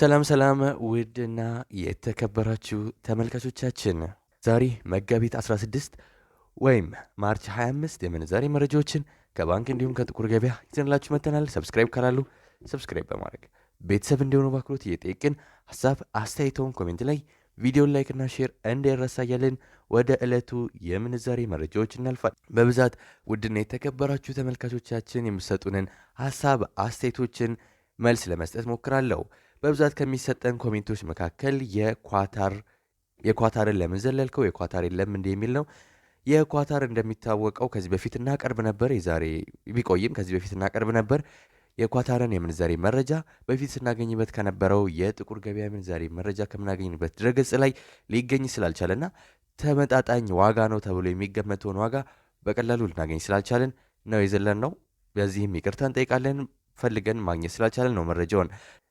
ሰላም ሰላም ውድና የተከበራችሁ ተመልካቾቻችን ዛሬ መጋቢት 16 ወይም ማርች 25 የምንዛሬ መረጃዎችን ከባንክ እንዲሁም ከጥቁር ገበያ ይዘንላችሁ መጥተናል። ሰብስክራይብ ካላሉ ሰብስክራይብ በማድረግ ቤተሰብ እንዲሆኑ በአክብሮት እየጠየቅን ሀሳብ አስተያየተውን ኮሜንት ላይ ቪዲዮን ላይክና ሼር እንዳይረሳ እያልን ወደ ዕለቱ የምንዛሬ መረጃዎች እናልፋል። በብዛት ውድና የተከበራችሁ ተመልካቾቻችን የምሰጡንን ሀሳብ አስተያየቶችን መልስ ለመስጠት ሞክራለሁ። በብዛት ከሚሰጠን ኮሜንቶች መካከል የኳታር የኳታርን ለምን ዘለልከው የኳታር የለም እንዲህ የሚል ነው። የኳታር እንደሚታወቀው ከዚህ በፊት እናቀርብ ነበር፣ የዛሬ ቢቆይም ከዚህ በፊት እናቀርብ ነበር። የኳታርን የምንዛሬ መረጃ በፊት ስናገኝበት ከነበረው የጥቁር ገበያ ምንዛሬ መረጃ ከምናገኝበት ድረገጽ ላይ ሊገኝ ስላልቻለና ተመጣጣኝ ዋጋ ነው ተብሎ የሚገመተውን ዋጋ በቀላሉ ልናገኝ ስላልቻለን ነው የዘለን ነው። በዚህም ይቅርታ እንጠይቃለን። ፈልገን ማግኘት ስላልቻለን ነው መረጃውን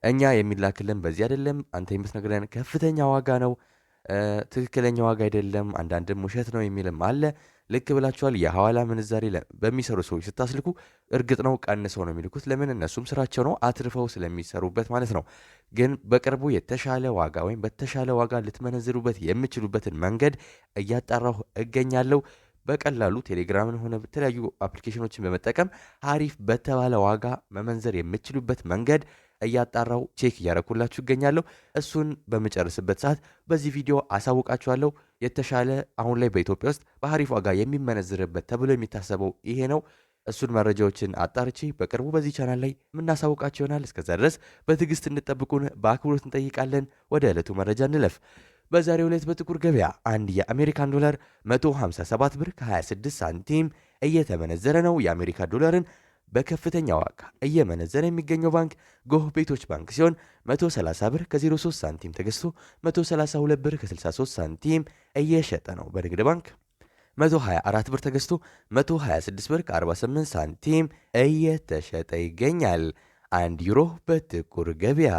እኛ የሚላክልን በዚህ አይደለም አንተ የምትነግረን ከፍተኛ ዋጋ ነው ትክክለኛ ዋጋ አይደለም አንዳንድም ውሸት ነው የሚልም አለ ልክ ብላችኋል የሐዋላ ምንዛሬ በሚሰሩ ሰዎች ስታስልኩ እርግጥ ነው ቀንሰው ነው የሚልኩት ለምን እነሱም ስራቸው ነው አትርፈው ስለሚሰሩበት ማለት ነው ግን በቅርቡ የተሻለ ዋጋ ወይም በተሻለ ዋጋ ልትመነዝሩበት የምችሉበትን መንገድ እያጣራሁ እገኛለሁ በቀላሉ ቴሌግራምን ሆነ በተለያዩ አፕሊኬሽኖችን በመጠቀም አሪፍ በተባለ ዋጋ መመንዘር የምችሉበት መንገድ እያጣራው ቼክ እያረኩላችሁ ይገኛለሁ። እሱን በምጨርስበት ሰዓት በዚህ ቪዲዮ አሳውቃችኋለሁ። የተሻለ አሁን ላይ በኢትዮጵያ ውስጥ በአሪፍ ዋጋ የሚመነዝርበት ተብሎ የሚታሰበው ይሄ ነው። እሱን መረጃዎችን አጣርቼ በቅርቡ በዚህ ቻናል ላይ የምናሳውቃቸው ይሆናል። እስከዛ ድረስ በትዕግስት እንጠብቁን በአክብሮት እንጠይቃለን። ወደ ዕለቱ መረጃ እንለፍ። በዛሬው ዕለት በጥቁር ገበያ አንድ የአሜሪካን ዶላር 157 ብር ከ26 ሳንቲም እየተመነዘረ ነው። የአሜሪካ ዶላርን በከፍተኛ ዋጋ እየመነዘረ የሚገኘው ባንክ ጎህ ቤቶች ባንክ ሲሆን 130 ብር ከ03 ሳንቲም ተገዝቶ 132 ብር ከ63 ሳንቲም እየሸጠ ነው። በንግድ ባንክ 124 ብር ተገዝቶ 126 ብር ከ48 ሳንቲም እየተሸጠ ይገኛል። አንድ ዩሮ በጥቁር ገበያ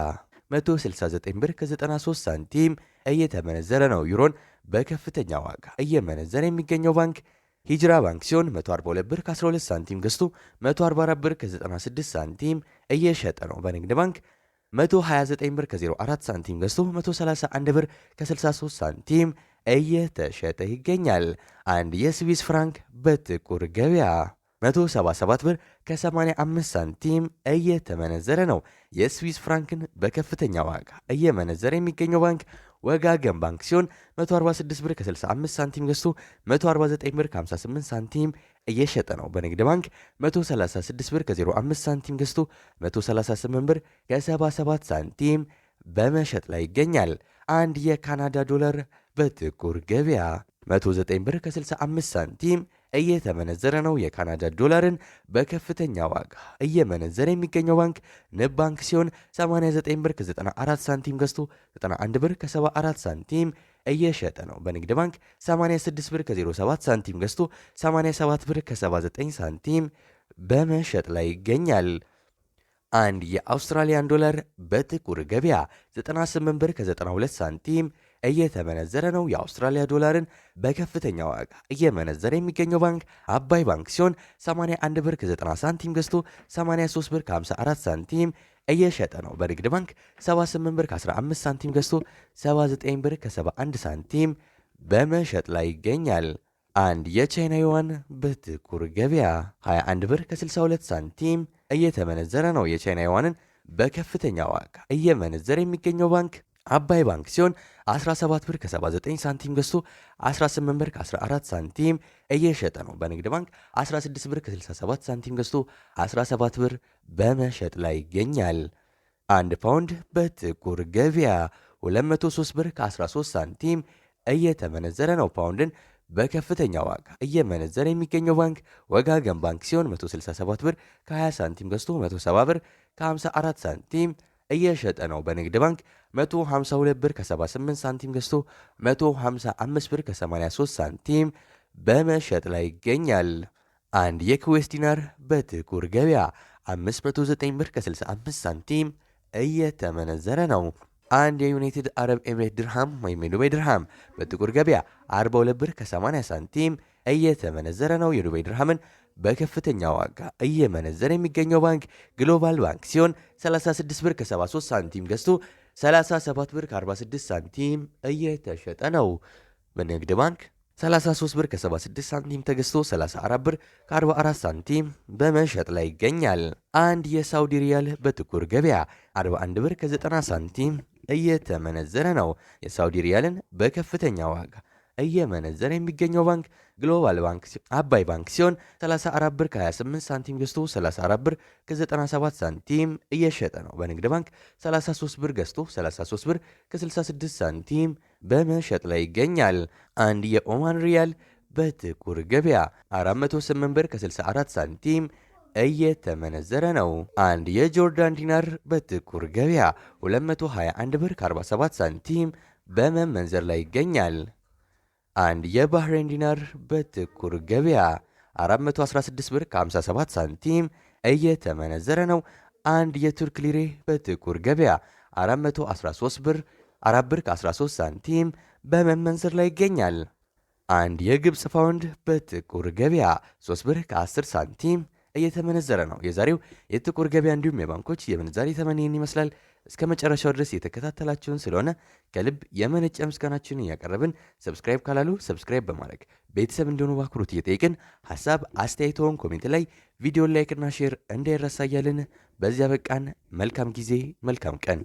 169 ብር ከ93 ሳንቲም እየተመነዘረ ነው። ዩሮን በከፍተኛ ዋጋ እየመነዘረ የሚገኘው ባንክ ሂጅራ ባንክ ሲሆን 142 ብር ከ12 ሳንቲም ገዝቶ 144 ብር ከ96 ሳንቲም እየሸጠ ነው። በንግድ ባንክ 129 ብር ከ04 ሳንቲም ገዝቶ 131 ብር ከ63 ሳንቲም እየተሸጠ ይገኛል። አንድ የስዊስ ፍራንክ በጥቁር ገበያ 177 ብር ከ85 ሳንቲም እየተመነዘረ ነው። የስዊስ ፍራንክን በከፍተኛ ዋጋ እየመነዘረ የሚገኘው ባንክ ወጋገን ባንክ ሲሆን 146 ብር ከ65 ሳንቲም ገዝቶ 149 ብር ከ58 ሳንቲም እየሸጠ ነው። በንግድ ባንክ 136 ብር ከ05 ሳንቲም ገዝቶ 138 ብር ከ77 ሳንቲም በመሸጥ ላይ ይገኛል። አንድ የካናዳ ዶላር በጥቁር ገበያ 109 ብር ከ65 ሳንቲም እየተመነዘረ ነው። የካናዳ ዶላርን በከፍተኛ ዋጋ እየመነዘረ የሚገኘው ባንክ ንብ ባንክ ሲሆን 89 ብር ከ94 ሳንቲም ገዝቶ 91 ብር ከ74 ሳንቲም እየሸጠ ነው። በንግድ ባንክ 86 ብር ከ07 ሳንቲም ገዝቶ 87 ብር ከ79 ሳንቲም በመሸጥ ላይ ይገኛል። አንድ የአውስትራሊያን ዶላር በጥቁር ገበያ 98 ብር ከ92 ሳንቲም እየተመነዘረ ነው። የአውስትራሊያ ዶላርን በከፍተኛ ዋጋ እየመነዘረ የሚገኘው ባንክ አባይ ባንክ ሲሆን 81 ብር ከ90 ሳንቲም ገዝቶ 83 ብር ከ54 ሳንቲም እየሸጠ ነው። በንግድ ባንክ 78 ብር ከ15 ሳንቲም ገዝቶ 79 ብር ከ71 ሳንቲም በመሸጥ ላይ ይገኛል። አንድ የቻይና ዩዋን በጥቁር ገበያ 21 ብር ከ62 ሳንቲም እየተመነዘረ ነው። የቻይና ዩዋንን በከፍተኛ ዋጋ እየመነዘረ የሚገኘው ባንክ አባይ ባንክ ሲሆን 17 ብር ከ79 ሳንቲም ገዝቶ 18 ብር ከ14 ሳንቲም እየሸጠ ነው። በንግድ ባንክ 16 ብር ከ67 ሳንቲም ገዝቶ 17 ብር በመሸጥ ላይ ይገኛል። አንድ ፓውንድ በጥቁር ገበያ 203 ብር ከ13 ሳንቲም እየተመነዘረ ነው። ፓውንድን በከፍተኛ ዋጋ እየመነዘረ የሚገኘው ባንክ ወጋገን ባንክ ሲሆን 167 ብር ከ20 ሳንቲም ገዝቶ 170 ብር ከ54 ሳንቲም እየሸጠ ነው። በንግድ ባንክ 152 ብር ከ78 ሳንቲም ገዝቶ 155 ብር ከ83 ሳንቲም በመሸጥ ላይ ይገኛል። አንድ የኩዌስ ዲናር በጥቁር ገበያ 509 ብር ከ65 ሳንቲም እየተመነዘረ ነው። አንድ የዩናይትድ አረብ ኤምሬት ድርሃም ወይም የዱባይ ድርሃም በጥቁር ገበያ 42 ብር ከ80 ሳንቲም እየተመነዘረ ነው። የዱባይ ድርሃምን በከፍተኛ ዋጋ እየመነዘረ የሚገኘው ባንክ ግሎባል ባንክ ሲሆን 36 ብር ከ73 ሳንቲም ገዝቶ 37 ብር ከ46 ሳንቲም እየተሸጠ ነው። በንግድ ባንክ 33 ብር ከ76 ሳንቲም ተገዝቶ 34 ብር ከ44 ሳንቲም በመሸጥ ላይ ይገኛል። አንድ የሳውዲ ሪያል በጥቁር ገበያ 41 ብር ከ90 ሳንቲም እየተመነዘረ ነው። የሳውዲ ሪያልን በከፍተኛ ዋጋ እየመነዘረ የሚገኘው ባንክ ግሎባል ባንክ አባይ ባንክ ሲሆን 34 ብር ከ28 ሳንቲም ገዝቶ 34 ብር ከ97 ሳንቲም እየሸጠ ነው። በንግድ ባንክ 33 ብር ገዝቶ 33 ብር ከ66 ሳንቲም በመሸጥ ላይ ይገኛል። አንድ የኦማን ሪያል በጥቁር ገበያ 408 ብር ከ64 ሳንቲም እየተመነዘረ ነው። አንድ የጆርዳን ዲናር በጥቁር ገበያ 221 ብር ከ47 ሳንቲም በመመንዘር ላይ ይገኛል። አንድ የባህሬን ዲናር በጥቁር ገበያ 416 ብር ከ57 ሳንቲም እየተመነዘረ ነው። አንድ የቱርክ ሊሬ በጥቁር ገበያ 413 ብር 4 ብር ከ13 ሳንቲም በመመንዘር ላይ ይገኛል። አንድ የግብፅ ፓውንድ በጥቁር ገበያ 3 ብር ከ10 ሳንቲም እየተመነዘረ ነው። የዛሬው የጥቁር ገበያ እንዲሁም የባንኮች የምንዛሬ ተመን ይህን ይመስላል። እስከ መጨረሻው ድረስ የተከታተላችሁን ስለሆነ ከልብ የመነጨ ምስጋናችንን እያቀረብን ሰብስክራይብ ካላሉ ሰብስክራይብ በማድረግ ቤተሰብ እንደሆኑ በአክብሮት እየጠየቅን ሀሳብ አስተያየቶን ኮሜንት ላይ ቪዲዮን ላይክና ሼር እንዳይረሳ እያልን በዚያ በቃን። መልካም ጊዜ፣ መልካም ቀን